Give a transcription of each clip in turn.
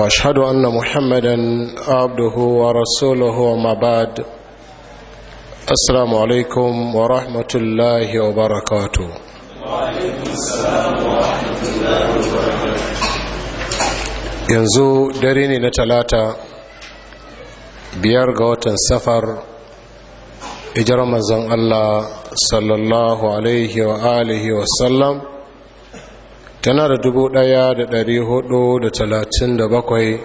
واشهد ان محمدا عبده ورسوله وما بعد السلام عليكم ورحمه الله وبركاته yanzu dare ne na talata biyar ga watan safar ijar manzon allah sallallahu alaihi wa alihi wasallam wa tana da dubu ɗaya da ɗari hudu da talatin da bakwai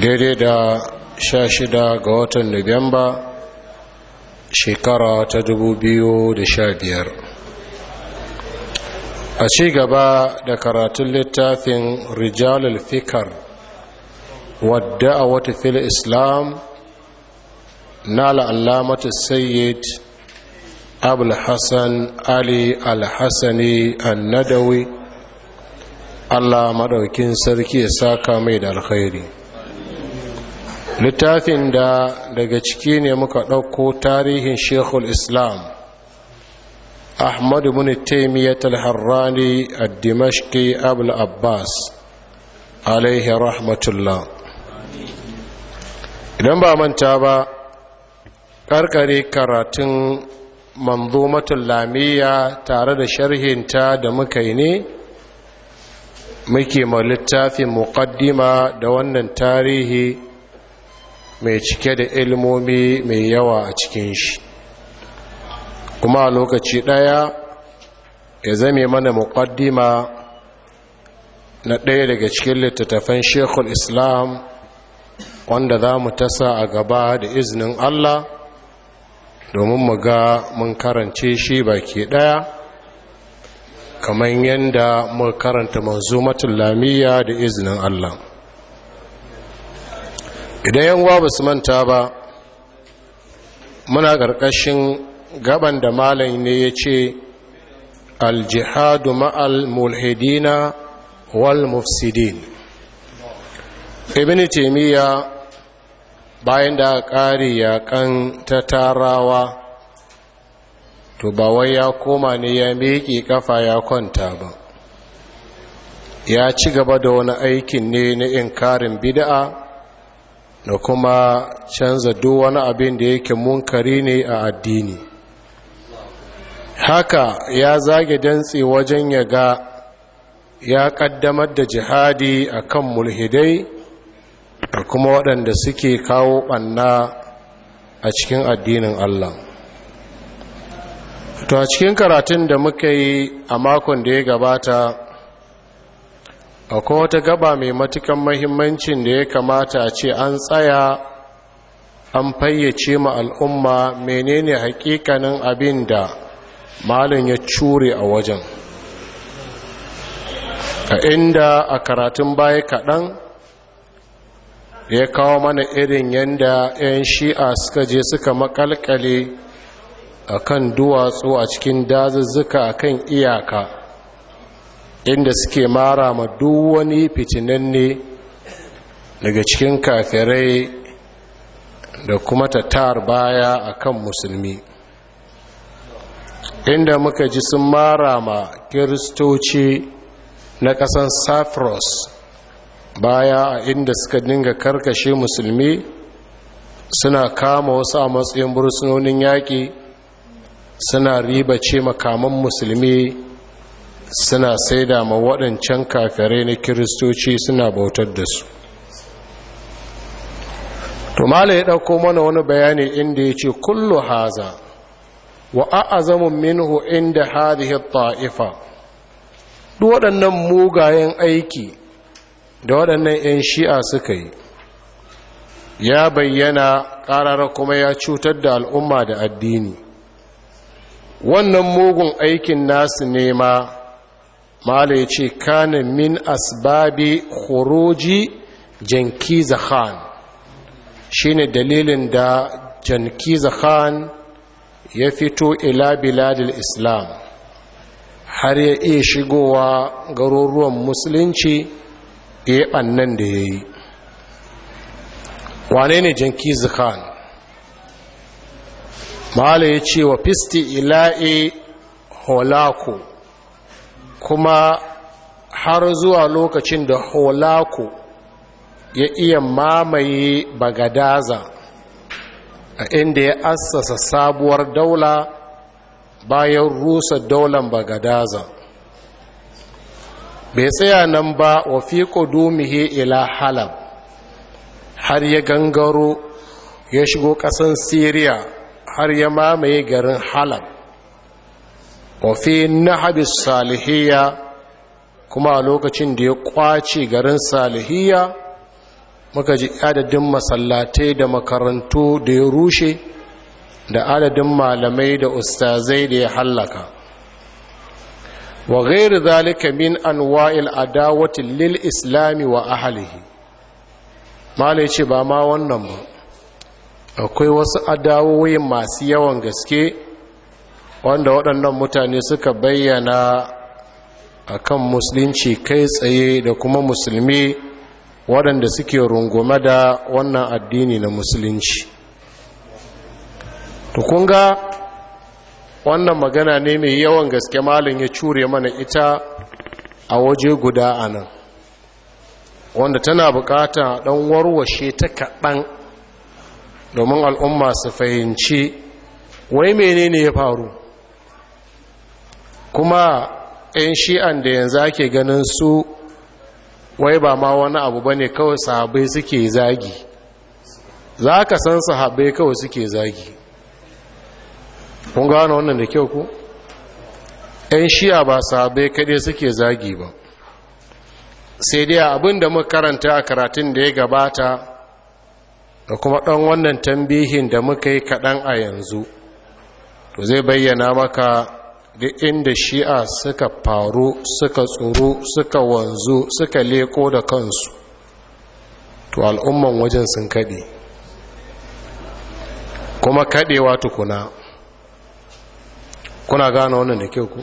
daidai da sha shida ga watan nuwamba shekara ta dubu biyu da sha biyar a ci gaba da karatun littafin rijalul fikar wadda a wata fil islam na la'allamatu sayyid Abulhassan ali Alhassani hassani annadawi allah maɗaukin sarki ya saka mai da alkhairi littafin da daga ciki ne muka ɗauko tarihin shekul islam أحمد بن تيمية الحراني الدمشقي أبو العباس عليه رحمة الله idan ba manta ba ƙarƙare karatun manzomatul lamiya tare da sharhinta da muka yi ne muke ma littafin muqaddima da wannan tarihi mai cike da ilmomi mai yawa a cikin shi kuma a lokaci ɗaya ya zame mana muqaddima na ɗaya daga cikin littattafan shekul islam wanda za mu tasa a gaba da izinin allah domin mu ga mun karance shi baki daya kamar yadda mu karanta manzumatul lamiya da izinin Allah idan yanwa ba su manta ba muna ƙarƙashin gaban da malam ne ya ce aljihadu ma'al mulhidina wal mufsidin ibn taimiyya bayan da ƙari yaƙan ta tarawa to ba wai ya koma ne ya miƙe ƙafa ya kwanta ba ya ci gaba da wani aikin ne na inkarin bida'a da kuma canza duk wani abin da yake munkari ne a addini haka ya zage dantse wajen ya ga ya kaddamar da jihadi akan mulhidai da kuma waɗanda suke kawo ɓanna a cikin addinin Allah to a cikin karatun da muka yi a makon da ya gabata akwai wata gaba mai matukan mahimmancin da ya kamata a ce an tsaya an fayyace ma al'umma menene hakikanin abin da malin ya cure a wajen a inda a karatun baya kaɗan ya kawo mana irin yadda 'yan shi'a suka je suka makalkale a kan duwatsu a cikin dazuzzuka a kan iyaka inda suke mara ma duwani fitinanne daga cikin kafirai da kuma tatar baya a kan musulmi inda muka ji sun mara ma kiristoci na ƙasan cyprus baya a inda suka dinga karkashe musulmi suna kama wasu a matsayin bursunonin yaƙi suna riba ribace makaman musulmi suna saida ma waɗancan kafirai na kiristoci suna bautar da su to ya ɗauko mana wani bayani inda ya ce kullu haza wa a'azamu minhu inda hadhihi ta'ifa duk waɗannan mugayen aiki da waɗannan 'yan shi'a suka yi ya bayyana ƙarar kuma ya cutar da al'umma da addini wannan mugun aikin nasu nema mala ya ce kana min asbabi khuruji jankiza khan shine dalilin da jankiza khan ya fito ila biladil islam har ya iya shigowa garuruwan musulunci ya eh, yi da ya yi wane ne Kizu khan mahala ya ce wa fisti ila'i holako kuma har zuwa lokacin da holako ya iya mamaye bagadaza a inda ya assasa sabuwar daula bayan rusa daular bagadaza bai tsaya nan ba wa fi ƙudumihe ila halab har ya gangaro ya shigo ƙasan siriya har ya mamaye garin halab wa fi nahabis salihiyya kuma a lokacin da ya ƙwace garin salihiyya muka ji adadin masallatai da makarantu da ya rushe da adadin malamai da ustazai da ya hallaka wa ذلك zalika min anwa'il adawati lil islami wa ahlihi mala ce ba ma wannan ba akwai wasu adawoyi masu yawan gaske wanda waɗannan mutane suka bayyana akan musulunci kai tsaye da kuma musulmi waɗanda suke rungume da wannan addini na musulunci tukunga wannan magana ne mai yawan gaske malin ya cure mana ita a waje guda a nan wanda tana bukata dan warwashe ta kaɗan domin al'umma su fahimci wai menene ya faru kuma 'yan shi'an da yanzu ake ganin su wai ba ma wani abu ba ne kawai sahabai suke zagi za ka san sahabai kawai suke zagi kun gane wannan da kyau ku ‘yan shiya ba sahabai kaɗai suke zagi ba sai dai abin da muka karanta a karatun da ya gabata da kuma ɗan wannan tambihin da muka yi kaɗan a yanzu to zai bayyana maka duk inda shi'a suka faru suka tsoro suka wanzu suka leko da kansu to al'umman wajen sun kaɗe kuma kaɗewa tukuna kuna gane wannan da kyau ku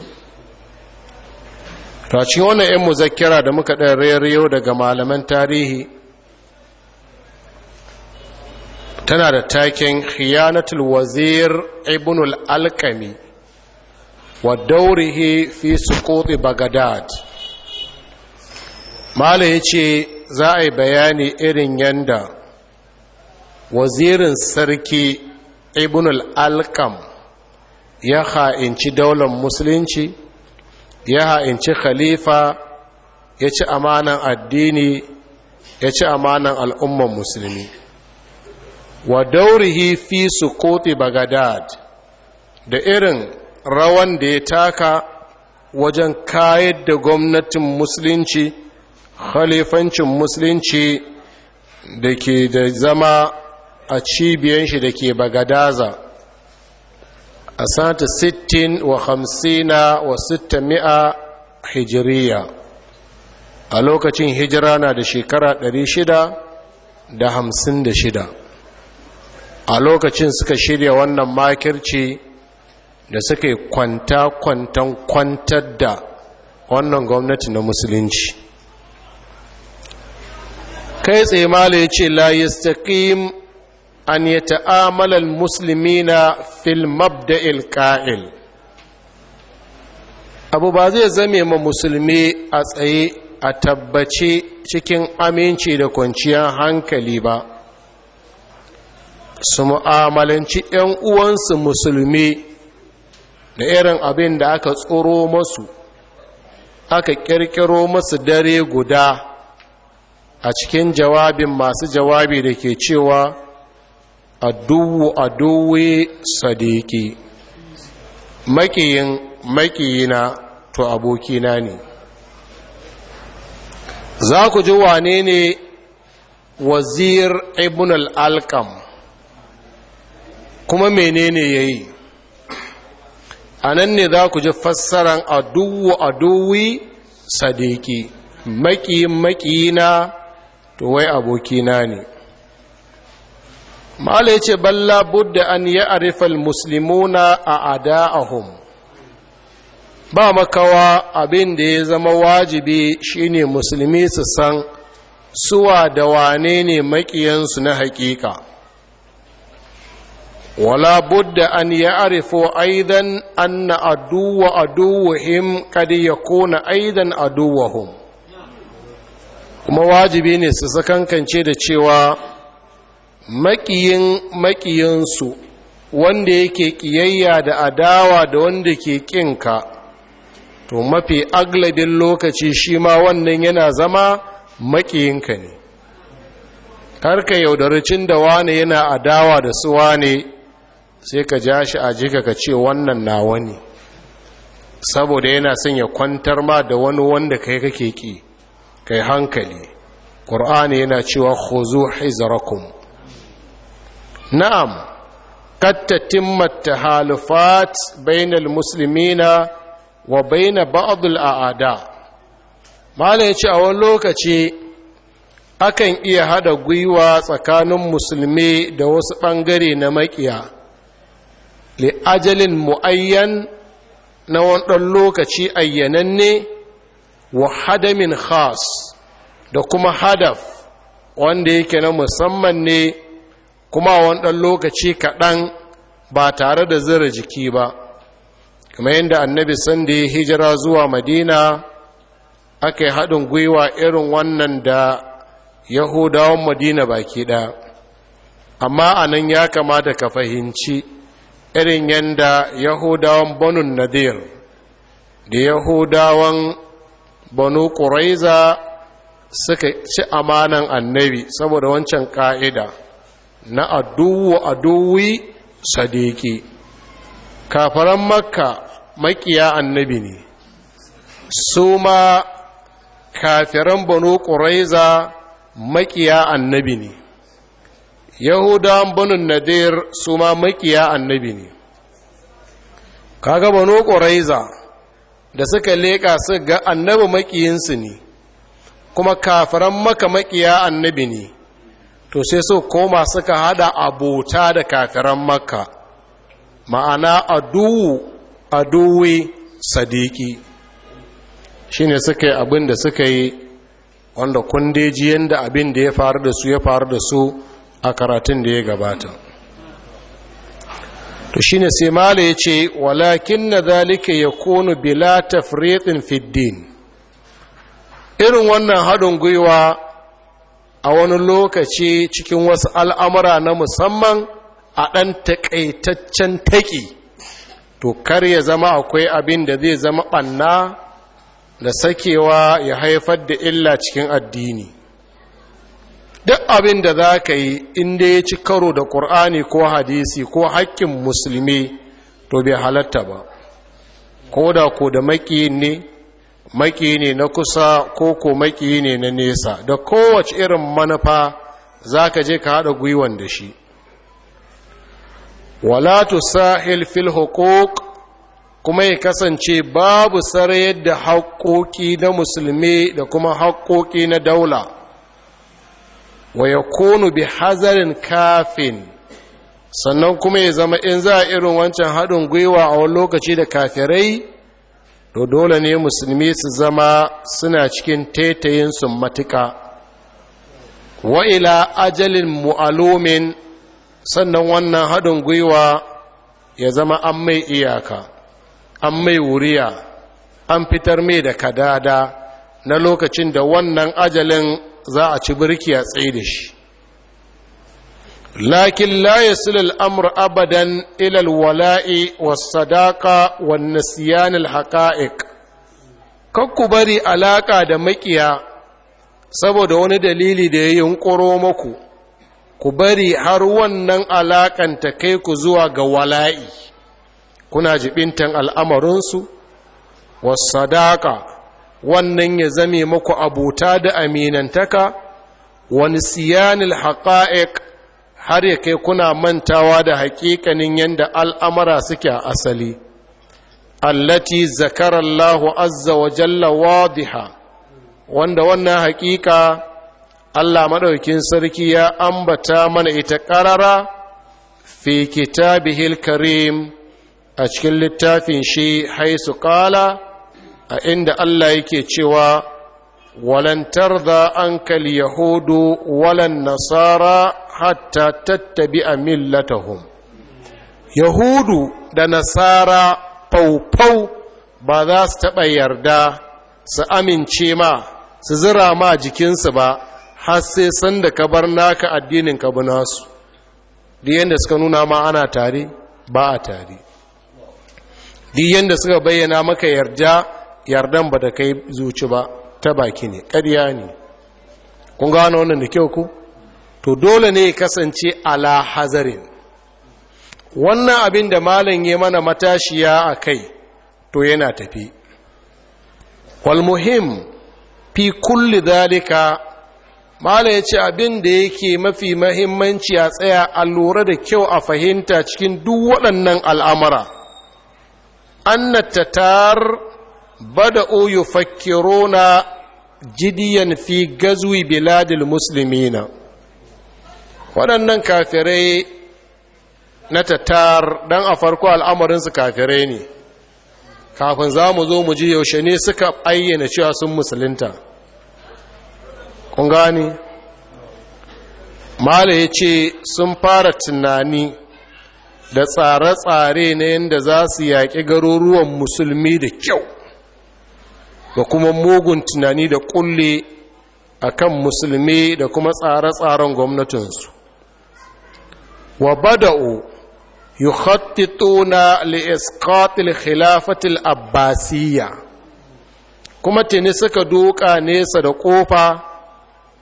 ta cikin wannan 'yan muzakkira da muka ɗan rairayo daga malaman tarihi tana da taken khiyanatul wazir ibnul alkami wa daurihi fi sukuti bagadad mala ya ce za a yi bayani irin yanda wazirin sarki ibnul alkam ya ha'inci daular musulunci ya ha'inci khalifa ya ci amanan addini ya ci amanan al'umman musulmi wa daurihi fi sukoti bagadad da irin rawan da ya taka wajen kayar da gwamnatin musulunci khalifancin musulunci da ke da zama a cibiyan shi da ke bagadaza a sanata sittin wa hamsina wa sitta mi'a hijiriya a lokacin hijira na da shekara ɗari shida da hamsin da shida a lokacin suka shirya wannan makirci da suka yi kwanta-kwantan kwantar da wannan gwamnati na musulunci kai tsaye mala ya ce la an ya musulmi na fil mabda'il ƙa'il abu ba zai zame ma musulmi a tsaye a tabbaci cikin aminci da kwanciyar hankali ba su mu'amalanci 'yan uwansu musulmi da irin abin da aka tsoro masu aka kirkiro masu dare guda a cikin jawabin masu jawabi da ke cewa aduwu aduwe sadiki makiyin makiyina to abokina ne za ku ji wane ne wazir ibn al-alkam kuma menene ya yi a nan ne za ku ji fassaran aduwu aduwi sadiki makiyin makiyina to wai abokina ne mala ya ce balla budda an yi arifal musulmuna a ada'ahum ba makawa abin da ya zama wajibi shine musulmi su san suwa da wane ne makiyansu na hakika wala budda an ya arifo aidan na aduwa aduwahim kada ya kona aidan aduwahum kuma wajibi ne su sakankance da cewa makiyin makiyinsu wanda yake kiyayya da adawa da wanda ke ka, to mafi aglabin lokaci shi ma wannan yana zama makiyinka ne karka yaudaricin da wane yana adawa da su wane sai ka ja shi a jika ka ce wannan na wani saboda yana son ya kwantar ma da wani wanda kai kake ki kai hankali ƙur'ani yana cewa khuzu hizrakum na'am kattatimma tahalufat bainal musulmina wa baina ba'dul a'ada malam yace a wani lokaci akan iya hada gwiwa tsakanin musulmi da wasu bangare na makiya li ajalin muayyan na wani ɗan lokaci ne wa min khas da kuma hadaf wanda yake na musamman ne kuma wani ɗan lokaci kaɗan ba tare da zira jiki ba kuma yadda annabi sanda ya hijira zuwa madina aka haɗin gwiwa irin wannan da yahudawan madina baki ɗaya amma a nan ya kamata ka fahimci irin yadda yahudawan banun nadir da yahudawan banu ƙuraiza suka ci amanan annabi saboda wancan ƙa'ida na aduwu aduwi sadiki kafaran makka makiya annabi ne su ma kafiran banu ƙuraiza makiya annabi ne Yahudan banu nadir su ma makiya annabi ne kaga banu ƙuraiza da suka leƙa su ga annabi makiyinsu ne kuma kafiran maka makiya annabi ne to sai su koma suka hada abota da kafiran makka ma'ana aduwu aduwi sadiki shine suka yi abin da suka yi wanda kundeji yadda abin da ya faru da su ya faru da su a karatun da ya gabata to shine sai mala ya ce walakin na zalika ya konu bilata tafriqin fiddin irin wannan haɗin gwiwa a wani lokaci cikin wasu al'amura na musamman a ɗan taƙaitaccen taƙi to kar ya zama akwai abin da zai zama ɓanna da sakewa ya haifar da illa cikin addini duk abin da za ka yi inda ya ci karo da ƙur'ani ko hadisi ko haƙƙin musulmi to bai halatta ba ko da ko da maƙiyin ne maki ne na kusa ko ko maki ne na nesa da kowace irin manufa za ka je ka haɗa gwiwan da shi wala tusahil fil huquq kuma ya kasance babu sarayar da haƙoƙi na musulmi da kuma haƙoƙi na daula wa ya konu bi hazarin kafin sannan kuma ya zama in za a irin wancan haɗin gwiwa a wani lokaci da kafirai to dole ne musulmi su zama suna cikin su matuƙa wa ila ajalin mu'alumin sannan wannan haɗin gwiwa ya zama an mai iyaka an mai wuriya an fitar mai da kadada na lokacin da wannan ajalin za a ci birki a tsaye da shi lakin la yasil al'amur abadan ilal wala'i wasadaka wan nasiyan al Kar kakku bari alaƙa da maƙiya saboda wani dalili da ya yunƙuro maku ku bari har wannan alaƙan ta kai ku zuwa ga wala'i kuna jibintan al'amarinsu wasadaka wannan ya zame maku abota da aminantaka wani siyanil haƙa'iƙ har ya kai kuna mantawa da hakikanin yadda al'amara suke a asali allati zakarallahu azza wa jalla wadiha wanda wannan hakika. Allah maɗaukin sarki ya ambata mana ita ƙarara fi kitabihil karim a cikin littafin shi haisu ƙala a inda Allah yake cewa walantar da kal yahudu walan nasara hatta tattabi a millatahum yahudu da nasara faufau ba za su taɓa yarda su amince ma su zira ma jikinsu ba har sai san da ka bar naka addinin ka bi nasu duk yadda suka nuna ma ana tare ba a tare duk yadda suka bayyana maka yarda yardan ba da kai zuci ba ta baki ne ƙarya ne kun gano wannan da kyau ku to dole ne kasance ala hazarin wannan abin da malam ya mana matashiya a kai to yana tafi walmuhim fi kulli zalika, mala ya ce abin da yake mafi mahimmanci a tsaya a lura da kyau a fahimta cikin duk waɗannan al'amura annatatar bada'u yufakkiruna jidiyan fi gazuwi biladil na. waɗannan kafirai na tattar don a farko al'amarinsu kafirai ne kafin za mu zo mu ji yaushe ne suka ayyana cewa sun musulunta kun mala ya ce sun fara tunani da tsare-tsare na yadda za su yaƙi garuruwan musulmi da kyau da kuma mugun tunani da kulle a kan musulmi da kuma tsare-tsaren gwamnatinsu wa bada'u yukhattituna li isqatil khilafatil abbasiyya kuma tuni suka duka nesa da ƙofa,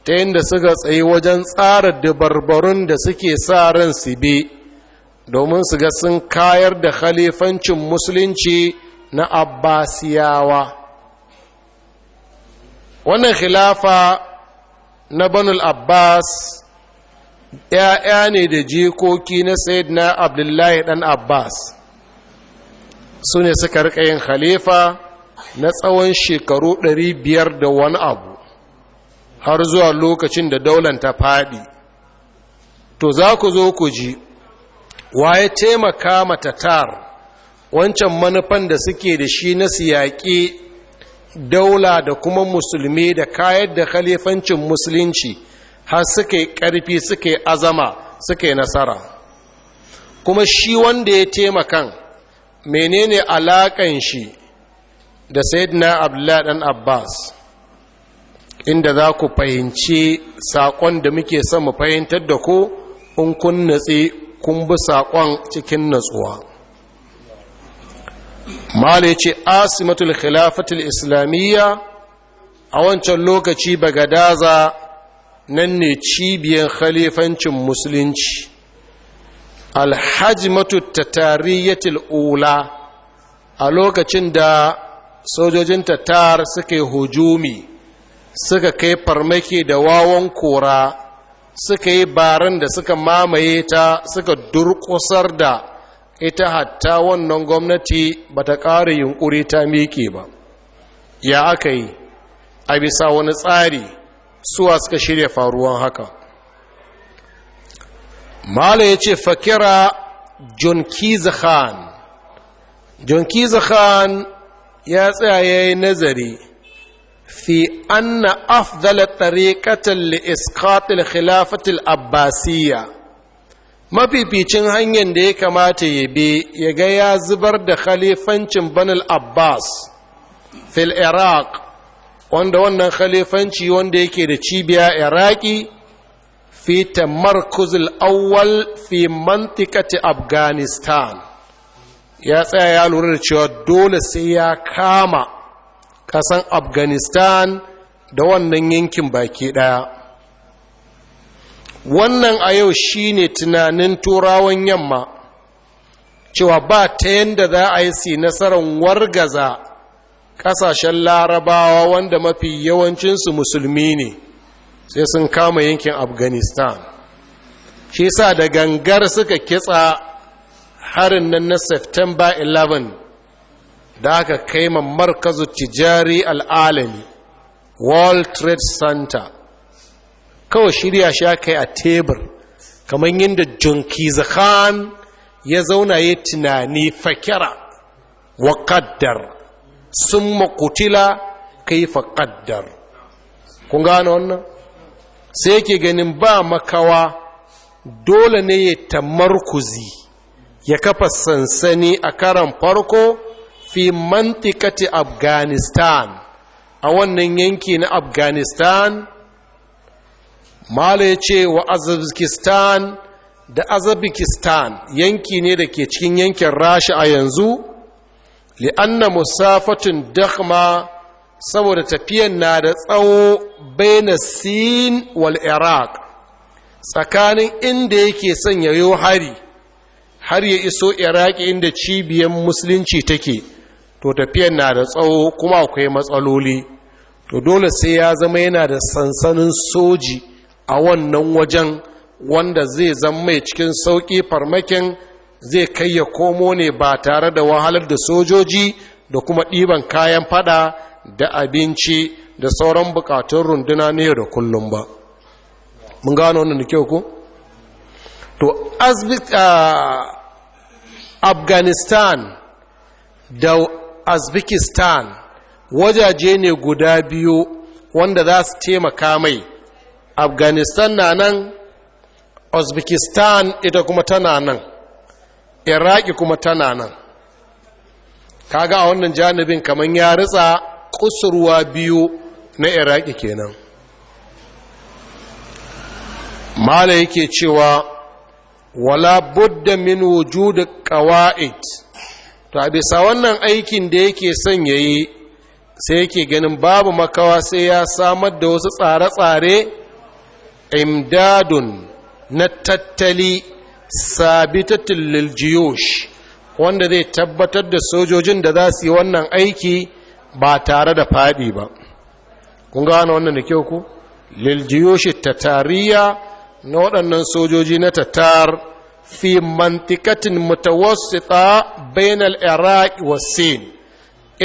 ta yadda suka tsaye wajen tsara dabarbarun da suke sa ran su bi domin su ga sun kayar da khalifancin musulunci na abbasiyawa wannan khilafa na banul abbas ‘ya'ya ne da jikoki na na abdullahi ɗan abbas su ne suka rika yin khalifa na tsawon shekaru 500 da wani abu har zuwa lokacin da daular ta faɗi to za ku zo ku ji waye taimaka matatar wancan manufan da suke da shi na siyaƙi daula da kuma musulmi da kayar da khalifancin musulunci har suke ƙarfi suke azama suke nasara kuma shi wanda ya taimakan menene alaƙan shi da sayyidina abdullahi dan abbas inda za ku fahimci saƙon da muke son mu fahimtar da ku in kun natsi kun bi saƙon cikin natsuwa mala ce asimatul khilafatul islamiyya a wancan lokaci bagadaza nan ne cibiyar khalifancin musulunci alhajimatu tatariyatul ula a lokacin da sojojin tatar suka yi hujumi suka kai farmaki da wawan kora suka yi baran da suka mamaye ta suka durkusar da ita hatta wannan gwamnati ba ta ƙara yunƙuri ta miƙe ba ya aka yi a bisa wani tsari suwa suka shirya faruwan haka mala ya ce fakira junkizahan khan ya tsaya ya yi nazari fi anna afdala tariƙatar li'iskatil khilafatil abbasiyya mafificin hanyar da ya kamata ya bi ya ga ya zubar da khalifancin banal abbas fil iraq wanda wannan khalifanci wanda yake da cibiya iraki fi tamarkuzil awwal fi mantikati afghanistan ya tsaya ya lura da cewa dole sai ya kama kasan afghanistan da wannan yankin baki daya wannan a yau shine tunanin turawan yamma cewa ba ta yadda za a yi si nasarar wargaza Kasashen larabawa wanda mafi yawancinsu musulmi ne sai sun kama yankin afghanistan shi sa da gangar suka kitsa harin nan na september 11 da aka kai markazu tijari al'alami world trade center kawai shirya sha kai a tebur kamar yadda junki khan ya zauna ya tunani fakira wa kaddar sun makutila kai faƙaddar kun gane wannan sai yake ganin ba makawa dole ne ya markuzi ya kafa sansani a karan farko fi mantikati afghanistan a wannan yanki na afghanistan mala ya ce wa azabkistan da azabikistan yanki ne da ke cikin yankin rasha a yanzu li'anna musafatun dakhma saboda tafiyan na da tsawo baina sin wal iraq tsakanin inda yake sanya yayo hari har ya iso iraki inda cibiyar musulunci take to tafiyan na da tsawo kuma akwai matsaloli to dole sai ya zama yana da sansanin soji a wannan wajen wanda zai zama mai cikin sauƙi farmakin zai kai ya komo ne ba tare da wahalar da sojoji da kuma ɗiban kayan fada da abinci da sauran bukatun runduna ne da kullum ba mun gano wannan da kyau ku? to afghanistan da azbikistan wajaje ne guda biyu wanda za su taimaka mai afghanistan na nan uzbekistan ita kuma tana nan iraki kuma tana nan kaga a wannan janibin kamar ya ritsa kusurwa biyu na iraki kenan mala yake cewa wala budda min wujud qawaid to a bisa wannan aikin da yake son yayi sai yake ganin babu makawa sai ya samar da wasu tsare-tsare imdadun na tattali sabitatin liljiyosh wanda zai tabbatar da sojojin da za su yi wannan aiki ba tare da faɗi ba kun gano wannan da kyau ku liljiyoshi tatariya na waɗannan sojoji na tatar fi mantikatin mutawassita bainal iraq wa sin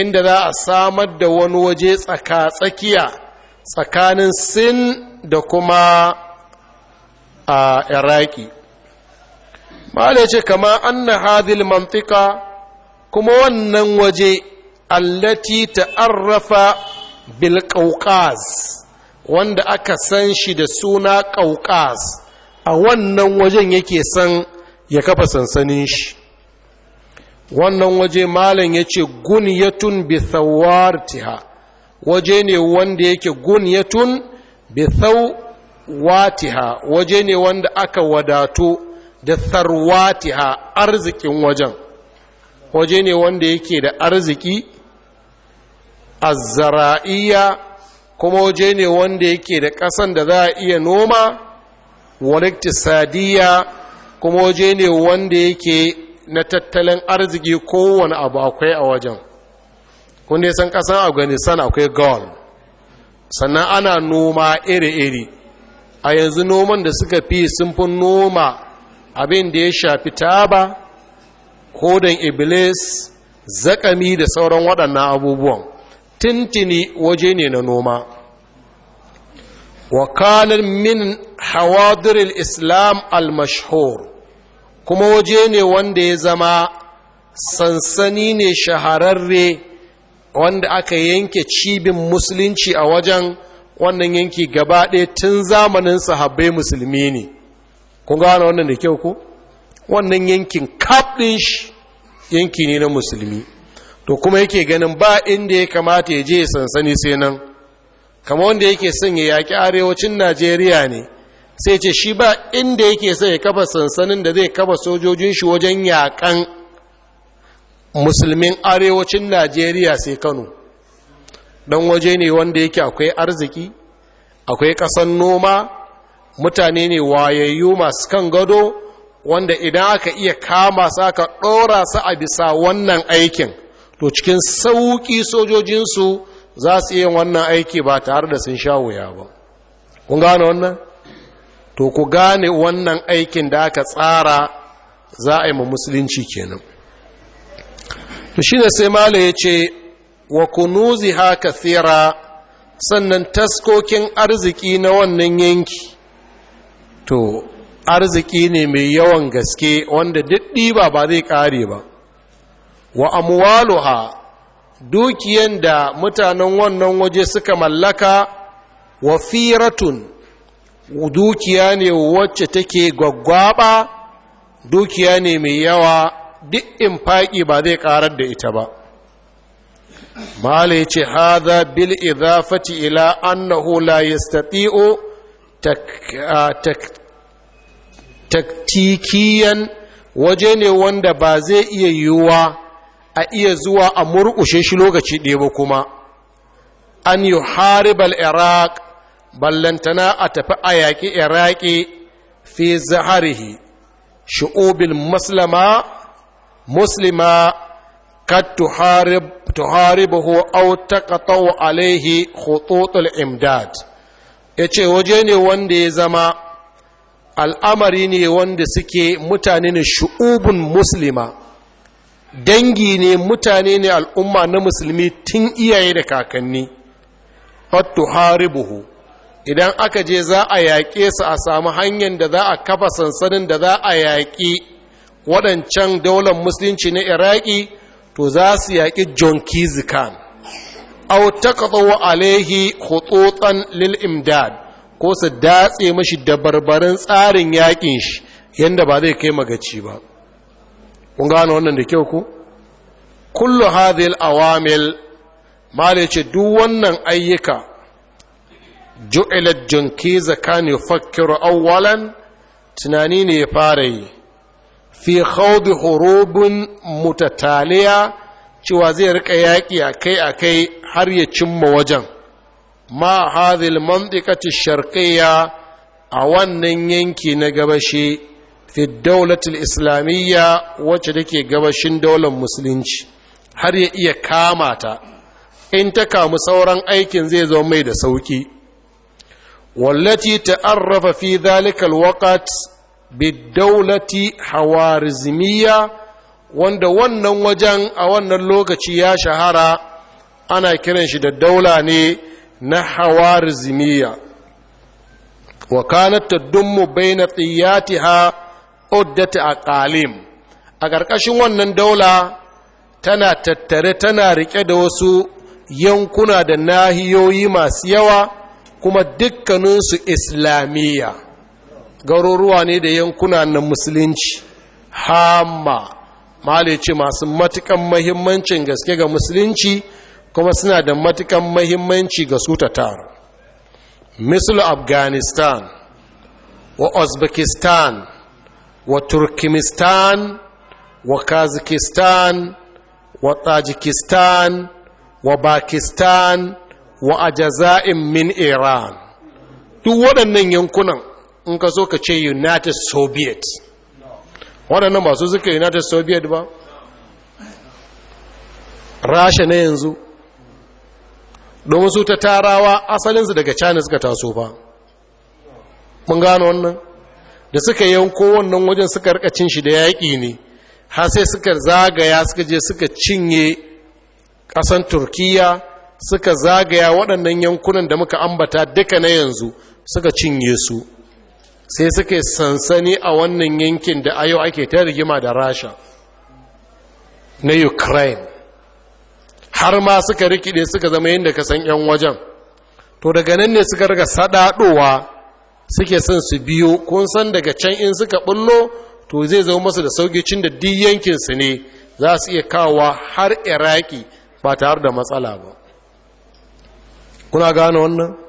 inda za a samar da wani waje tsaka-tsakiya tsakanin sin da kuma a iraki mala ya ce kama anna hadil mantika kuma wannan waje allati ta'arrafa bil wanda aka san shi da suna ƙauƙas a wannan wajen yake san ya kafa sansanin shi wannan waje malam ya ce gunyatun bi thawartiha waje ne wanda yake gunyatun bi thawatiha waje ne wanda aka wadato da tharwatiha arzikin wajen waje ne wanda yake da arziki azzara'iya kuma waje ne wanda yake da ƙasan da za a iya noma waliktisadiya kuma waje ne wanda yake na tattalin arziki kowane abu akwai a wajen kun dai san ƙasar afghanistan akwai gol sannan ana noma iri-iri a yanzu noman da suka fi sun fi noma abin da ya shafi taba kodan iblis zakami da sauran waɗannan abubuwan tintini waje ne na noma wakalar min hawadiril islam al-mashhur kuma waje ne wanda ya zama sansani ne shahararre wanda aka yanke cibin musulunci a wajen wannan yanki gaba ɗaya tun zamanin sahabbai musulmi ne kun gane wannan da kyau ko wannan yankin kaɗish shi yanki ne na musulmi to kuma yake ganin ba inda ya kamata ya je sansani sai nan kama wanda yake son ya yaƙi arewacin najeriya ne sai ce shi ba inda yake son ya kafa sansanin da zai kafa sojojin shi wajen yaƙan musulmin arewacin najeriya sai kano don waje ne wanda yake akwai arziki akwai ƙasan noma mutane ne wayayyu masu kan gado wanda idan aka iya kama su aka ɗora su a bisa wannan aikin to cikin sauƙi sojojinsu za su iya wannan aiki ba tare da sun sha wuya ba kun gane wannan to ku gane wannan aikin da aka tsara za a yi ma musulunci kenan to shi ne sai mala ya ce wa kunuzi haka tsira sannan taskokin arziki na wannan yanki to arziki ne mai yawan gaske wanda duk ba ba zai kare ba wa amwaluha dukiyan da mutanen wannan waje suka mallaka wa firatun dukiya ne wacce take gwaggwaba dukiya ne mai yawa duk in faƙi ba zai ƙarar da ita ba mala ya ce haza bil idafati ila annahu la yastati'u taktikiyan waje ne wanda ba zai iya yiwuwa a iya zuwa a murƙushe shi lokaci ɗaya ba kuma an yi haribal iraq ballantana a tafi a yaƙi iraki fi zaharihi shi'obil maslama muslima kad tuharibahu au taqatau alaihi khututul imdad ya ce waje ne wanda ya zama al'amari ne wanda suke mutane ne shu'ubun muslima dangi ne mutane ne al'umma na musulmi tun iyaye da kakanni fattu haribuhu idan aka je za a yaƙe su a samu hanyar da za a kafa sansanin da za a yaƙi waɗancan daular musulunci na iraki to za su yaƙi john kizikan aw taqdaw alaihi khututan lil imdad ko su datse mashi dabarbarin tsarin yakin shi yanda ba zai kai magaci ba kun gano wannan da kyau ku? kullu hadhihi awamil mala yace duk wannan ayyuka ju'ilat junkiza kan yufakkiru awwalan tunani ne ya fara yi fi khawdi hurubun mutataliya cewa zai rika yaƙi a kai a kai har ya cimma wajen ma hadhil mantiqati sharqiyya a wannan yanki na gabashe, fi daulatul islamiyya wacce take gabashin daular musulunci har ya iya kama ta in ta kamu sauran aikin zai zo mai da sauki wallati ta'arrafa fi zalikal wakat bi dawlati hawarizmiyya wanda wannan wajen a wannan lokaci ya shahara ana kiran shi da daula ne na hawarizmiya wa kanat tadummu baina tiyatiha uddati aqalim a ƙarƙashin wannan daula tana tattare tana rike da wasu yankuna da nahiyoyi masu yawa kuma dukkaninsu islamiyya garuruwa ne da yankuna na musulunci hama mali ce masu matukan mahimmancin gaske ga musulunci kuma suna da matukan mahimmanci ga su ta taru. misal afghanistan wa uzbekistan wa turkmenistan wa kazakistan wa tajikistan wa pakistan wa ajaza'in min iran duk waɗannan yankunan in ka zo ka ce united soviet waɗannan ba su suka united soviet ba rasha na yanzu domin su ta tarawa asalinsu daga china suka taso ba mun gano wannan da suka yanko wannan wajen suka rikacin shi da yaƙi ne har sai suka zagaya suka je suka cinye ƙasan turkiya suka zagaya waɗannan yankunan da muka ambata duka na yanzu suka cinye su sai suke sansani a wannan yankin da ayo ake ta rigima da rasha na ukraine har ma suka rikide suka zama yadda ka san 'yan wajen to daga nan ne suka riga sadadowa suke son su biyo kun san daga can in suka bullo to zai zama masu da saugicin da duk yankinsu ne za su iya kawowa har iraki ba tare da matsala ba kuna gane wannan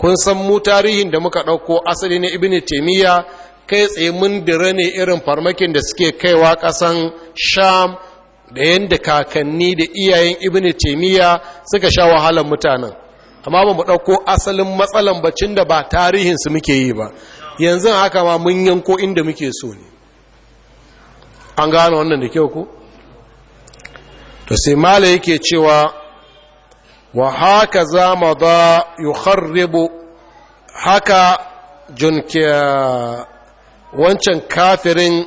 kun san mu tarihin da muka ɗauko asali na ibn taimiyya kai tsaye mun dire ne irin farmakin da suke kaiwa ƙasan sham da yadda kakanni da iyayen ibn taimiyya suka sha wahalar mutanen amma ba mu ɗauko asalin matsalan bacin da ba tarihinsu muke yi ba yanzu haka ma mun yanko inda muke so ne an gano wannan da kyau ko to sai mala yake cewa wa haka za ma za yukharribu haka eh, wancan kafirin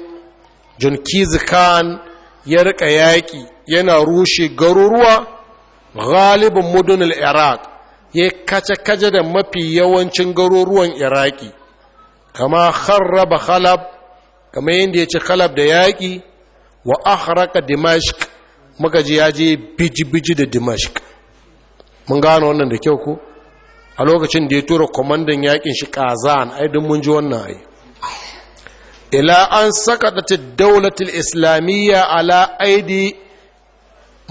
junkiz khan ya rika yaƙi yana rushe garuruwa galibin mudunin Irak, ya kace-kace da mafi yawancin garuruwan iraki kama harraba khalab kama yadda ya ci khalab da yaƙi wa ahraka dimashq muka ji ya je biji-biji da dimashq mun gano wannan da kyau ko a lokacin da ya tura kwamandan yakin shi kazan ai duk mun ji wannan ai ila an sakadata daulatul islamiyya ala aidi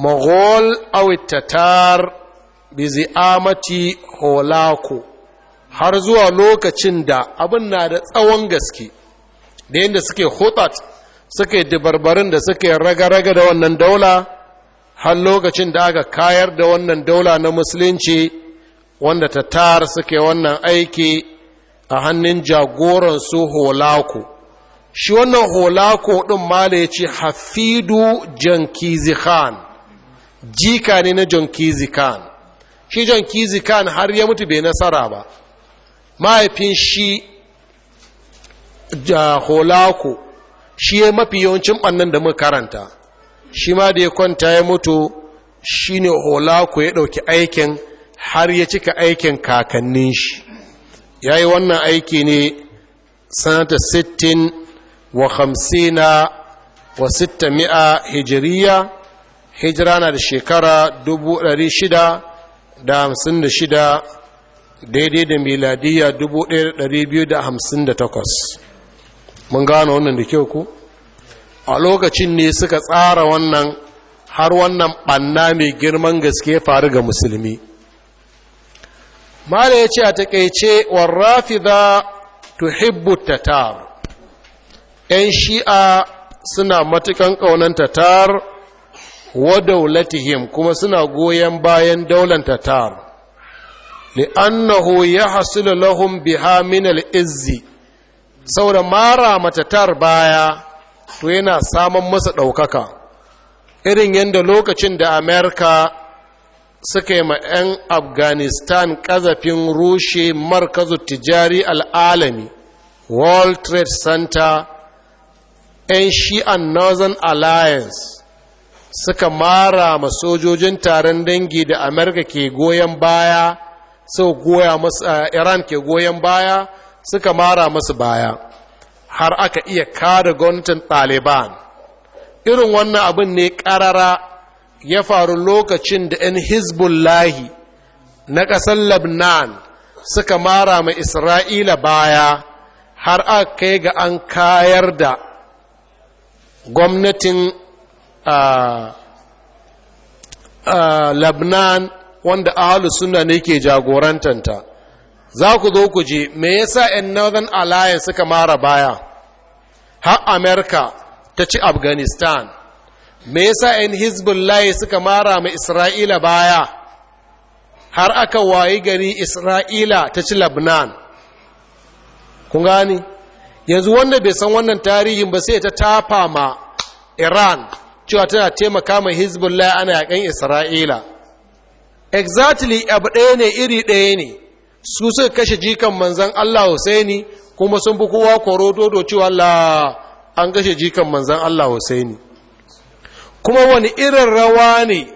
mughal aw tatar bi zi'amati holako har zuwa lokacin da abin na da tsawon gaske da yadda suke hotat suke dabarbarin da suke raga-raga da wannan daula har lokacin da aka kayar da wannan daula na musulunci wanda ta tar suke wannan aiki a hannun jagoran su holako shi wannan holako ɗin mala ya ce hafidu jankizi khan jika ne na jankizi khan shi jankizi khan har ya mutu bai nasara ba mahaifin shi holako shi ya mafi yawancin ɓannan da muka karanta shi ma da ya kwanta ya mutu shi ne holaku ya ɗauki aikin har ya cika aikin kakannin shi ya yi wannan aiki ne sanata sittin wa hamsina wa sitta mi'a hijiriya hijira na da shekara 656 daidai da miladiyya 1258 mun gano wannan da kyau ku? a lokacin ne suka tsara wannan har wannan ɓanna mai girman gaske faru ga musulmi mala ya ce a taƙaice tu tuhibbu tatar ‘yan shi'a suna matukan ƙaunan tatar wa daulatihim kuma suna goyon bayan daular tatar li'annahu ya hasilu lahum biha min izzi da mara matatar baya to yana saman masa ɗaukaka irin yadda lokacin da amerika suka yi ma 'yan afghanistan ƙazafin rushe markazu tijari al'alami world trade center 'yan shi'an northern alliance suka mara ma sojojin taron dangi da amerika ke goyon baya sau goya masu iran ke goyon baya suka mara masu baya har aka iya kada gwamnatin ɗaliban irin wannan abin ne ƙarara ya faru lokacin da 'yan hizbullahi na ƙasar labnan suka mara mai isra'ila baya har aka kai ga an kayar da gwamnatin labnan wanda ahalusunan ne ke jagorantanta za ku zo ku je me yasa yan northern alliance suka mara baya har america ta ci afghanistan me yasa yan hezbollah suka mara mai isra'ila baya har aka wayi gari isra'ila ta ci labnan Ku gani yanzu wanda bai san wannan tarihin ba sai ta tafa ma iran cewa tana taimaka mai hezbollah ana yakan isra'ila exactly abu ɗaya ne iri ɗaya ne su suka kashe jikan manzan Allah Husaini kuma sun fi kowa koro dodo cewa Allah an kashe jikan manzan Allah Husaini kuma wani irin rawa ne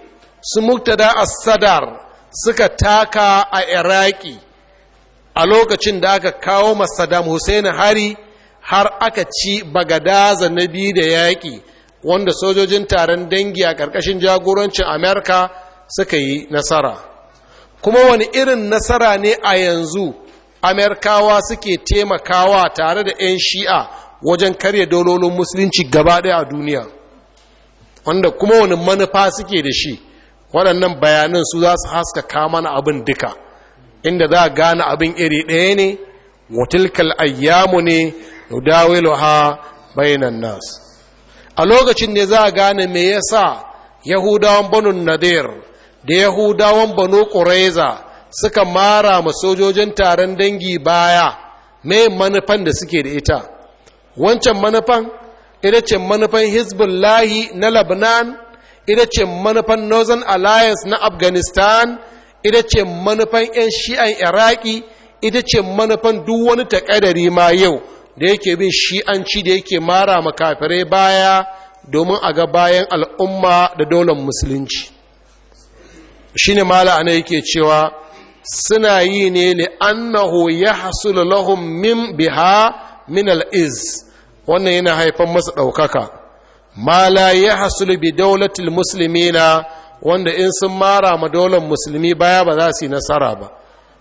su muktada as-sadar suka taka a Iraki a lokacin da aka kawo Saddam Hussaini hari har aka ci Bagadaza na biyu da yaƙi wanda sojojin taron dangi a ƙarƙashin jagorancin Amerika suka yi nasara kuma wani irin nasara ne a yanzu amerikawa suke taimakawa tare da 'yan shi'a wajen karya dololin musulunci gaba ɗaya a duniya wanda kuma wani manufa suke da shi waɗannan bayanan su za su haskaka mana abin duka inda za a gane abin iri ɗaya ne watilkal ayyamu ne nudawilu ha bainan nas a lokacin ne za a gane me yasa yahudawan banun nadir da yahudawan Bano ƙuraiza suka mara ma sojojin taron dangi baya mai manufan da suke da ita wancan manufan ita ce manufan hezbollahi na Labnan, ita ce manufan northern alliance na afghanistan ita ce manufan 'yan shi'an iraki ita ce manufan duk wani takadari ma yau da yake bin shi'anci da yake mara makafirai baya domin a ga bayan al'umma da dolan musulunci shine mala ana yake cewa suna yi ne li'annahu ya yahsulu lahum min biha min al'iz iz wannan yana haifan masa ɗaukaka Mala ya yahsulu bi musulmi na wanda in sun mara ma daular musulmi baya ba za su yi nasara ba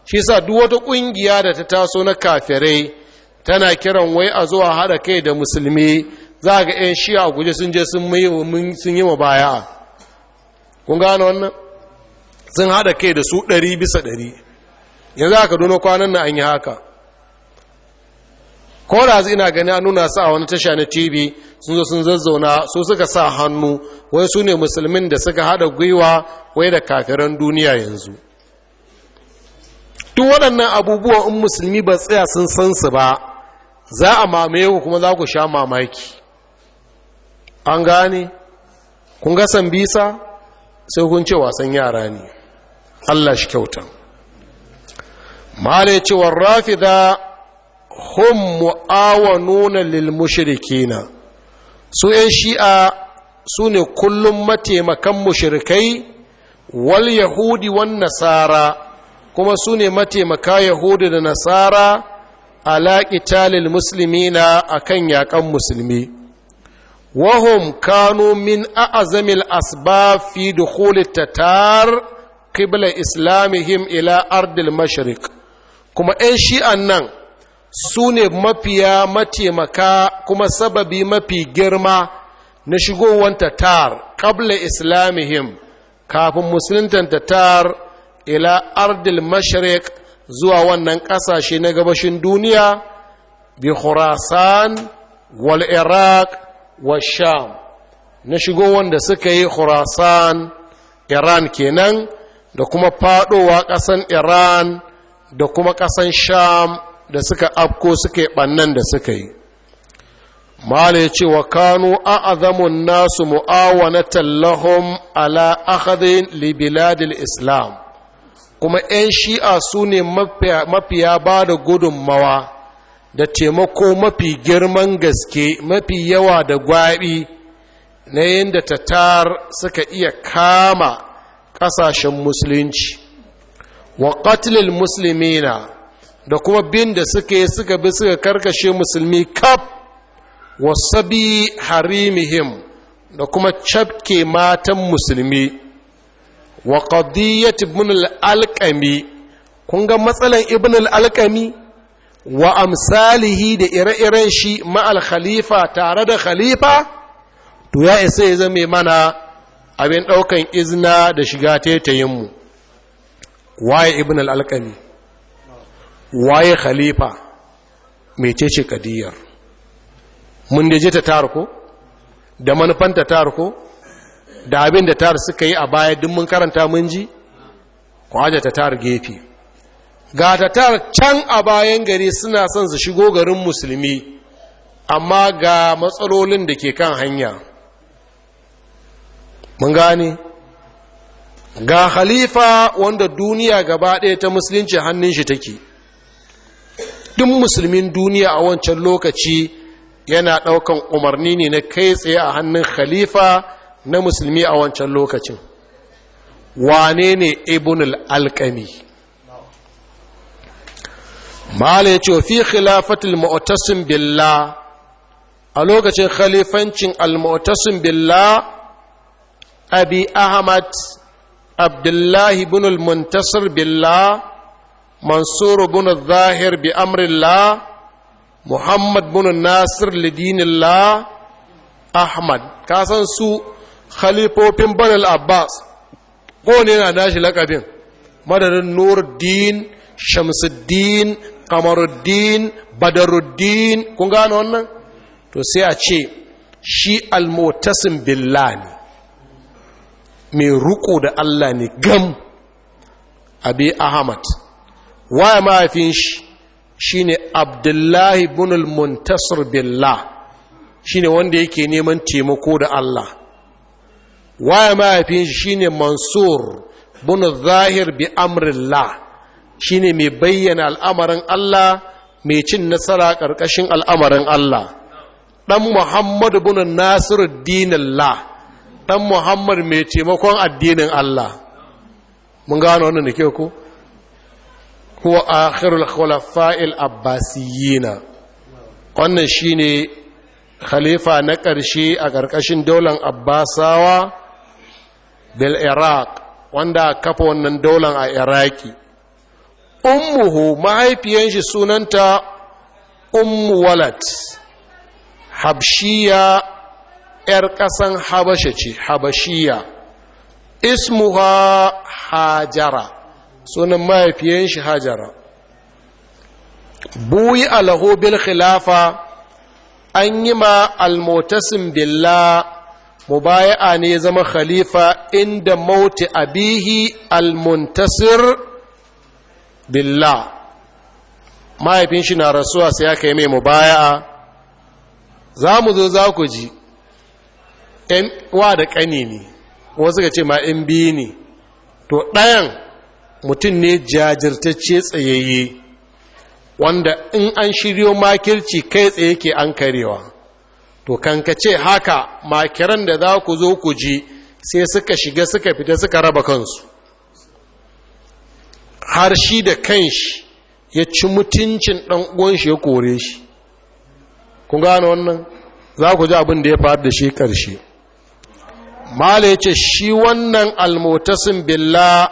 shi sa duk wata ƙungiya da ta taso na kafirai tana kiran wai a zuwa haɗa kai da musulmi za ga 'yan shi a guje sun je sun yi wa baya kun gane wannan sun haɗa kai da su ɗari bisa ɗari yanzu aka dono kwanan na an yi haka ko da ina gani a nuna su a wani tasha na tv sun zo sun zazzauna su suka sa hannu wai su ne musulmin da suka haɗa gwiwa wai da kafiran duniya yanzu Tun waɗannan abubuwan in musulmi ba tsaya sun san su ba za a mamaye ku kuma za ku sha mamaki an gane kun ga sambisa sai kun ce wasan yara ne Allah shi kyauta mala ya ce da, rafida hum nuna lilmushiriki na. su yan shi'a su ne kullum mataimakan mushirikai wal yahudi wan nasara kuma su ne mataimaka yahudi da nasara ala na a akan yakan musulmi wahum kanu min a'azamil asbab fi dukhul tatar qibla islamihim ila ardil mashriq kuma 'yan shi'an nan su ne mafiya mataimaka kuma sababi mafi girma na shigowar tatar qabla islamihim kafin musuluntan tatar ila ardil mashriq zuwa wannan ƙasashe na gabashin duniya bi khurasan wal iraq wa sham na shigo wanda suka yi khurasan iran kenan da kuma fadowa ƙasan iran da kuma ƙasan sham da suka afko suka yi ɓannan da suka yi mala ya ce wa kanu azamun nasu mu'awana lahum ala akhadhin li biladil islam kuma 'yan shi'a su ne mafiya ba da gudunmawa da taimako mafi girman gaske mafi yawa da gwabi na yadda tatar suka iya kama ƙasashen musulunci wa musulmi na da kuma bin da suka yi suka bi suka karkashe musulmi kaf wa sabi harimihim da kuma cafke matan musulmi wa qadiyyat ibn al kun ga matsalan ibn al-alqami wa amsalihi da ire-iren shi ma'al khalifa tare da khalifa to ya isa ya zame mana abin ɗaukan izina da shiga mu waye ibn al-alqami, waye khalifa mai mecece kadiyar mun da ta tar ko da manufan ta tar da abin da tar suka yi a baya duk mun karanta mun ji kwaje ta tar gefe ga ta tar can a bayan gari suna son su shigo garin musulmi amma ga matsalolin da ke kan hanya mun gane ga khalifa wanda duniya gaba ɗaya ta musulunci hannun shi take duk musulmin duniya a wancan lokaci yana ɗaukan umarni ne na kai tsaye a hannun khalifa na musulmi a wancan lokacin wane ne ibn al'alƙami mala ya ce fi khilafatul mu'tasim billah a lokacin khalifancin al-mu'tasim billah abi ahmad abdullahi bin al-muntasir billah mansur bin zahir bi amrillah muhammad bin nasir lidinillah ahmad ka san su khalifofin banal abbas ko ne na nashi lakabin madadin nuruddin shamsuddin kamaruddin badaruddin kun gano wannan to sai a ce shi almotasin billah ne mai ruko da Allah ne gam abi ahmad waya mahaifin shi shine abdullahi bunul muntasir billah shine wanda yake neman taimako da Allah waya mahaifin shi shine mansur bunul zahir bi amrillah shine mai bayyana al'amarin Allah mai cin nasara ƙarƙashin al'amarin Allah ɗan muhammadu bunul nasiruddin Allah ɗan muhammad mai taimakon addinin allah mun gano wannan da ke ku huwa akhirul khulafa'il abbasiyina wannan shine khalifa na ƙarshe a ƙarƙashin daular abbasawa bil iraq wanda kafa wannan daular a iraki ummuhu mahaifiyan shi sunanta ummu walat habshiya 'yar ƙasan habasha ce habashiya ismuha hajara sunan mahaifiyan shi hajara buyi alahu bil khilafa an yi ma almotasin billa mubaya'a ne zama khalifa inda mauti abihi almuntasir billa mahaifin shi na rasuwa sai aka kai mai mubaya'a za mu zo za ku ji ‘yan wa da ƙani ne wasu ga ce ma ‘yan biyu ne to ɗayan mutum ne jajirtacce tsayayye wanda in an shiryo makirci kai tsaye ke an karewa to kankace haka makiran da za ku zo ku ji sai suka shiga suka fita suka raba kansu har shi da kanshi ya ci mutuncin ɗan shi ya kore shi Ku gane wannan za ku ji abin da ya faru da shi ƙarshe mala ya ce shi wannan almotasin billa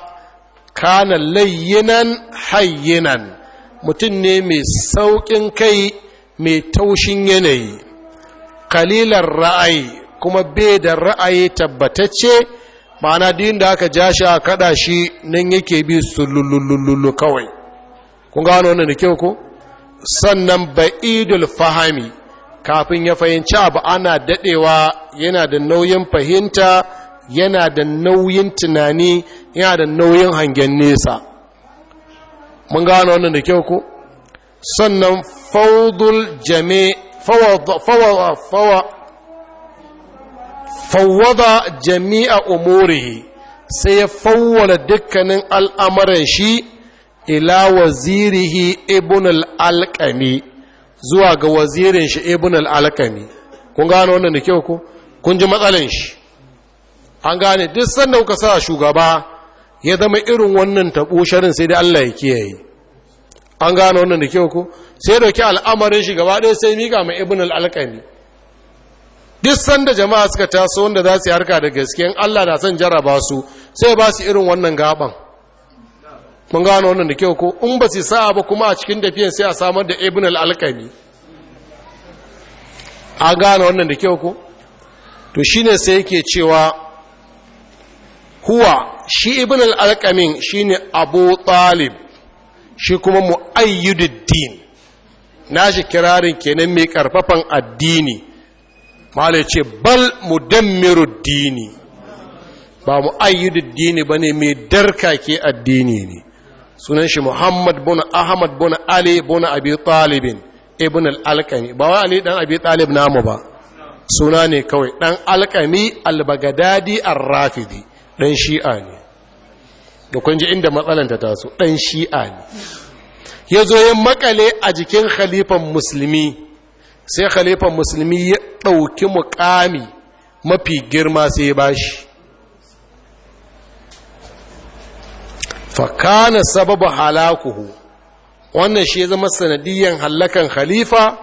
kana layyinan hayyinan mutum ne mai sauƙin kai mai taushin yanayi kalilar ra'ayi kuma bai da ra'ayi tabbatacce ma'ana din da aka ja shi a kada shi nan yake bi sululululu kawai kun gano wannan da kyau ko sannan ba'idul fahami kafin ya fahimci abu ana dadewa yana da nauyin fahimta yana da nauyin tunani yana da nauyin hangen nesa mun gano wannan da kyau ko sannan fawdul jami fawwada jami'a umurihi sai ya fawwala dukkanin al'amuran shi ila wazirihi ibn al-alqami zuwa ga wazirin shi ibn al kun gano wannan da kyau ko kun ji matsalan shi an gane duk sanda kuka sa shugaba ya zama irin wannan tabo sharin sai dai Allah ya kiyaye an gane wannan da kyau ko sai dauki al'amarin shi gaba ɗaya sai mika mai ibn al duk sanda jama'a suka taso wanda za su yi harka da in Allah na son jaraba su sai ba su irin wannan gaban mun gano wannan da kyau ko in ba su sa ba kuma a cikin tafiyan sai a samar da ibn al-alqami a gano wannan da kyau ko to shine sai yake cewa huwa shi ibn al-alqamin shine abu talib shi kuma muayyiduddin na nashi kirarin kenan mai karfafan addini mala ce bal mudammiruddini ba muayyidud bane mai darka ke addini ne sunan shi muhammad bin ahmad bin ali bin abi talibin ibn al-alqami ba wa ali dan abi talib namu ba suna ne kawai dan alqami al-bagadadi ar-rafidi dan shi'a ne da kun ji inda matsalan ta taso dan shi'a ne yazo ya makale a jikin khalifan musulmi sai khalifan musulmi ya dauki muqami mafi girma sai ya bashi fakana sababu halakuhu wannan shi ya zama sanadiyyar hallakan khalifa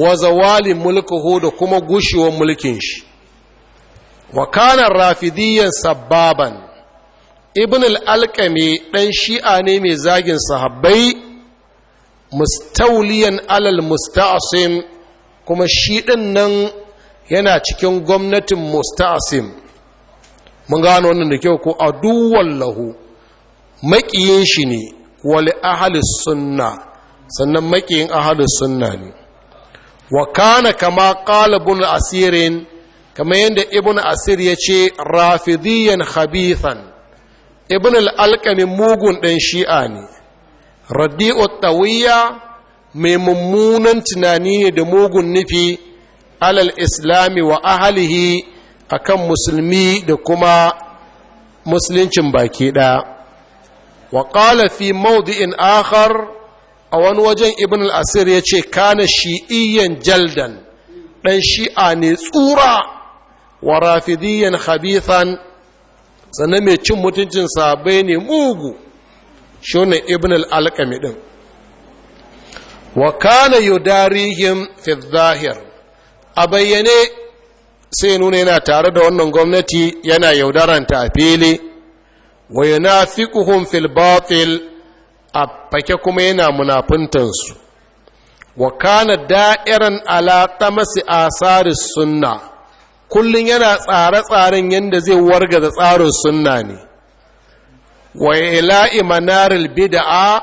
wa zawalin mulkuhu da kuma gushewar mulkin shi wa kana rafidiyyan sababan ibn al-alqami dan shi'a ne mai zagin sahabbai mustauliyan alal musta'sim kuma shi din nan yana cikin gwamnatin musta'sim mun gano wannan da kyau ko aduwallahu maƙiyin shi ne wali ahalis sunna sannan maƙiyin ahalis sunna ne wa kana kama ƙalibin asirin kama yadda ibn asir ya ce rafidiyan habithan ibn al'alƙamin mugun ɗan shi'a ne raddi'ut tawiyya mai mummunan tunani ne da mugun nufi alal islami wa ahalihi akan musulmi da kuma musuluncin baki ɗaya wa qala akhar a wani wajen ibn al-asir yace kana shi'iyyan jaldan ɗan shi'a ne tsura wa rafidiyyan khabithan sannan mai cin mutuncin Saba'in mugu shi wannan ibn al-alqami din wa kana yudarihim zahir a bayyane sai nuna yana tare da wannan gwamnati yana yaudaranta a fili wa yunafiquhum fil batil a fake kuma yana munafuntansu wa kana da'iran ala tamasi asari sunna kullun yana tsare-tsaren yanda zai wargaza tsarin sunna ne wa ila imanaril bid'a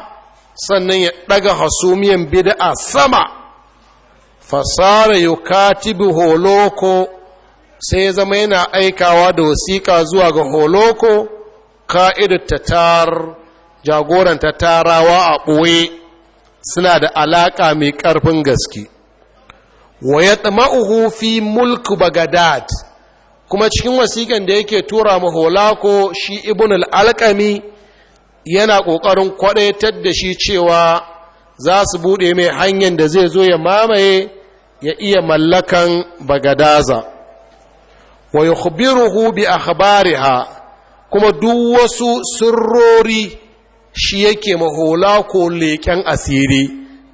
sannan ya daga hasumiyan bid'a sama fasara yukatibu holoko sai ya zama yana aikawa da wasiƙa zuwa ga holoko ka'idar tatar jagoran tatarawa a ɓoye suna da alaƙa mai ƙarfin gaske wa ya tsama'uhu fi mulk bagadad kuma cikin wasiƙan da yake tura maholako shi ibn al'alƙami yana ƙoƙarin kwaɗaitar da shi cewa za su buɗe mai hanyar da zai zo ya mamaye ya iya mallakan bagadaza wa yukhbiruhu bi ha? kuma duk wasu sirrori shi yake mahola ko leken asiri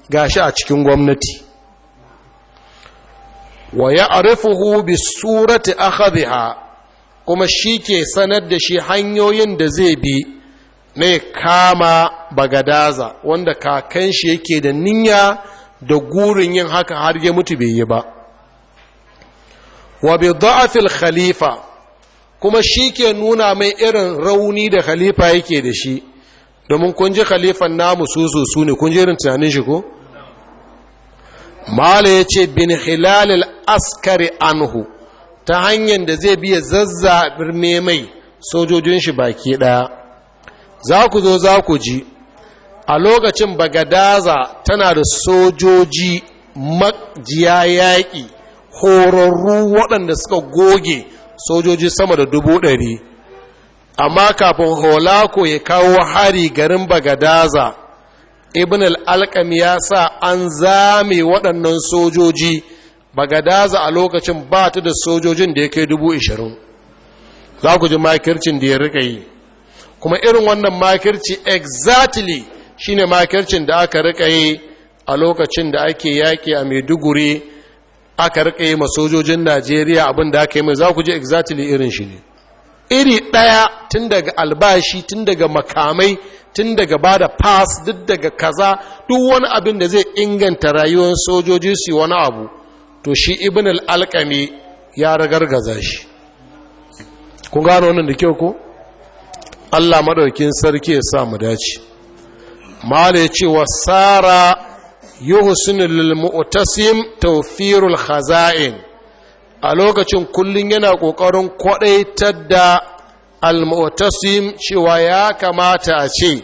ga shi a cikin gwamnati wa ya arifuhu bi surati akhadha kuma shi ke sanar da shi hanyoyin da zai bi na kama bagadaza wanda kakan shi yake da niyya da gurin yin haka har ya mutu bai yi ba wa bi da'afil khalifa kuma shi ke nuna mai irin rauni da khalifa yake da shi domin kun ji khalifan namu su su su ne kun ji irin tunanin shi ko mala ya ce bin hilalil askari anhu ta hanyar da zai biya zazzabir mai sojojin shi baki ɗaya za ku zo za ku ji a lokacin bagadaza tana da sojoji majiya yaƙi horarru waɗanda suka goge sojoji sama da dubu ɗari amma kafin holako ya kawo hari garin bagadaza ibn al'alƙam ya sa an zame waɗannan sojoji bagadaza a lokacin ba ta da sojojin da ya kai dubu ishirin za ku ji makircin da ya rika yi kuma irin wannan makirci exactly shine makircin da aka rika yi a lokacin da ake yaƙi a maiduguri aka rika yi sojojin najeriya abin da aka yi mai za ku je exactly irin shi ne iri ɗaya tun daga albashi tun daga makamai tun daga ba da pass duk daga kaza duk wani abin da zai inganta rayuwar sojoji su wani abu to shi ibn al'alƙami ya ragargaza shi Ku gano wannan da kyau ko allah maɗaukin sarki ya sa mu dace mala ya ce wa sara yuhsinu lil mu'tasim tawfirul khaza'in a lokacin kullum yana ƙoƙarin kwaɗaitar da al cewa ya kamata a ce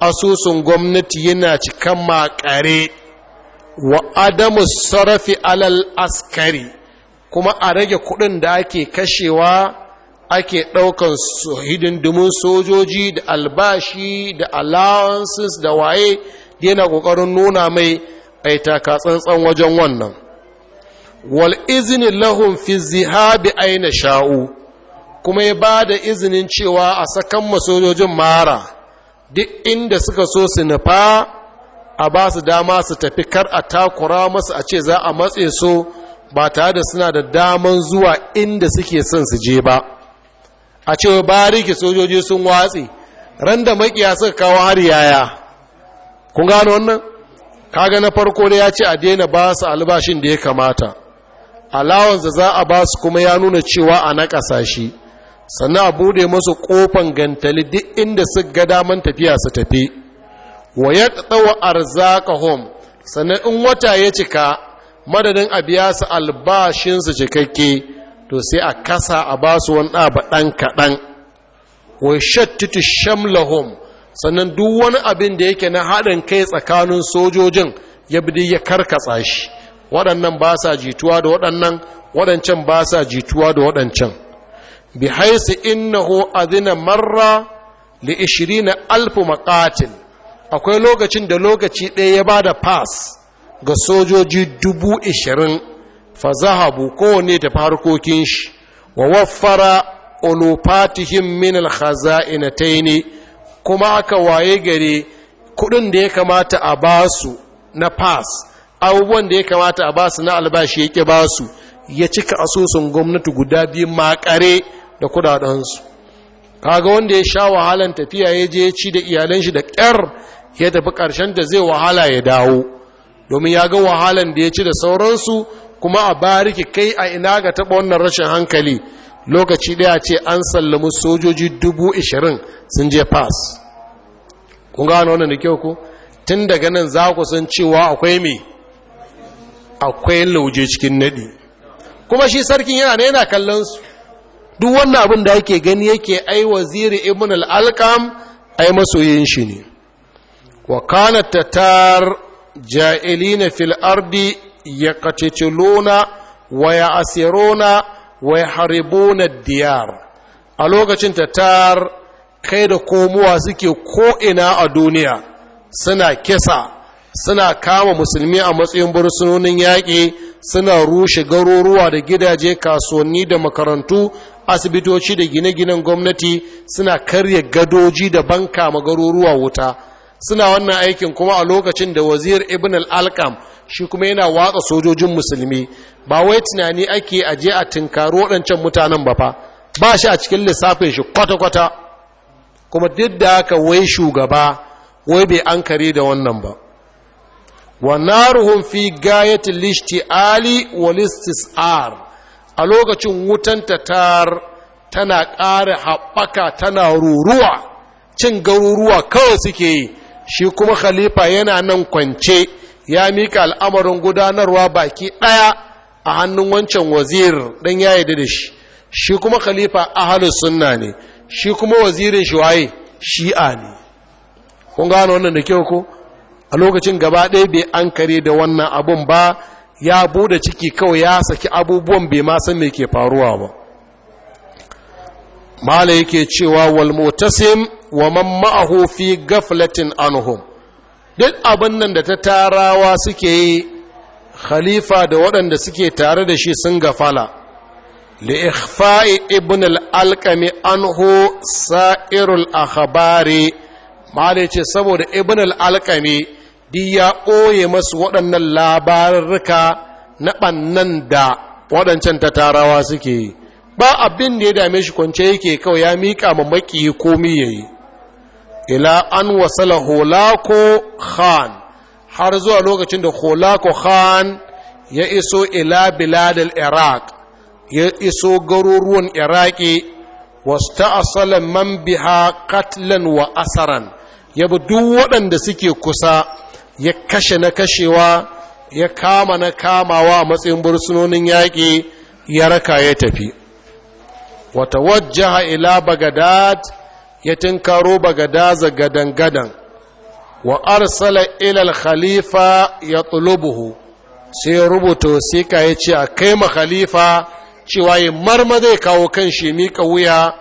asusun gwamnati yana cikan makare wa adamu sarrafi alal askari kuma a rage kuɗin da ake kashewa ake ɗaukan hidindimin sojoji da albashi da allowances da waye yana ƙoƙarin nuna mai a taka tsantsan wajen wannan wal izini lahun fi zihabi aina sha'u kuma ya ba da izinin cewa a sakan masojojin mara duk inda suka so su nufa a ba su dama su tafi kar a takura masu a ce za a matse su ba tare da suna da daman zuwa inda suke son su je ba a ce ba rike sojoji sun watsi ran da makiya suka kawo har yaya kun gano wannan kaga na farko da ya ce a daina ba su albashin da ya kamata alawan za a ba su kuma ya nuna cewa a na shi sannan a bude masu kofan gantali duk inda su ga daman tafiya su tafi wa ya tsawa home sannan in wata ya cika madadin a biya su albashinsu cikakke to sai a kasa a ba su wani abu ɗan kaɗan wai shattitu shamlahum sannan duk wani abin da yake na haɗin kai tsakanin sojojin ya bi ya karkatsa shi waɗannan ba sa jituwa da waɗannan waɗancan ba sa jituwa da waɗancan bi haisu innahu azina marra li na alfu maƙatil akwai lokacin da lokaci ɗaya ya ba da fas ga sojoji dubu ishirin fazahabu zahabu kowane tafi harkokin shi wa waffara minal min ne? kuma aka waye gare kudin da ya kamata a basu na pass abubuwan da ya kamata a basu na albashi yake basu ya cika asusun gwamnati guda biyu makare da kuɗaɗensu. kaga wanda ya sha wahalan tafiya ya je ci da iyalan shi da ƙyar ya tafi ƙarshen da zai wahala ya dawo domin ya ga wahalan da ya ci da sauransu kuma a bariki kai a ina ga taɓa wannan rashin hankali lokaci ɗaya ce an sallami sojoji dubu ishirin sun je pass? kun gano wannan da kyau ku tun daga nan za ku san cewa akwai me akwai lauje cikin naɗi kuma shi sarkin yana ne yana kallon su duk wannan abin da yake gani yake ai waziri ibn al-alqam ai masoyin shi ne wa kana tatar ja'ilina fil ardi yaqtatiluna wa ya'siruna wa yahribuna diyar a lokacin tatar kai da komowa suke ko'ina a duniya suna kisa suna kama musulmi a matsayin bursunonin yaƙi suna rushe garuruwa da gidaje kasuwanni da makarantu asibitoci da gine-ginen gwamnati suna karya gadoji da banka ma garuruwa wuta suna wannan aikin kuma a lokacin da wazir ibn al-alkam shi kuma yana watsa sojojin musulmi ba wai tunani ake aje a tinkaro waɗancan mutanen ba fa ba shi a cikin lissafin shi kwata-kwata kuma duk da haka wai shugaba wai bai an kare da wannan ba wa naruhun fi lishti ali walistis Ar. a lokacin wutan tatar tana ƙara haɓaka tana ruruwa cin garuruwa kawai suke yi shi kuma khalifa yana nan kwance ya mika al'amarin gudanarwa baki ɗaya a hannun wancan wazir ɗan ya yi da shi shi kuma khalifa ahalus sunna ne shi kuma wazirin shi waye shi'a ne kun gano wannan da kyau ko a lokacin gaba ɗaya bai an kare da wannan abun ba ya bude ciki kawai ya saki abubuwan bai ma san me ke faruwa ba mala yake cewa wal mutasim wa man ma'ahu fi gaflatin anhum duk abin nan da ta tarawa suke yi khalifa da waɗanda suke tare da shi sun gafala li ikhfa'i ibn al-alqami anhu sa'irul akhbari mala yace saboda ibn al-alqami di ya ɓoye masu waɗannan labarurruka na ɓannan da waɗancan ta tarawa suke yi ba abin da ya dame shi kwance yake kawai ya miƙa ma maki komi ya yi ila an wasala holako khan har zuwa lokacin da holako khan ya iso ila biladar iraq ya iso garuruwan iraki wasta asalan man biha katlan wa asaran ya bi duk waɗanda suke kusa ya kashe na kashewa ya kama na kamawa a matsayin bursunonin yaƙi ya raka ya tafi wata wajjaha ila bagadad ya tinkaro bagadaza gadan-gadan wa arsala ilal khalifa ya tulubuhu sai rubuta wasiƙa ya ce a kai ma khalifa cewa yi marma zai kawo kan shi miƙa wuya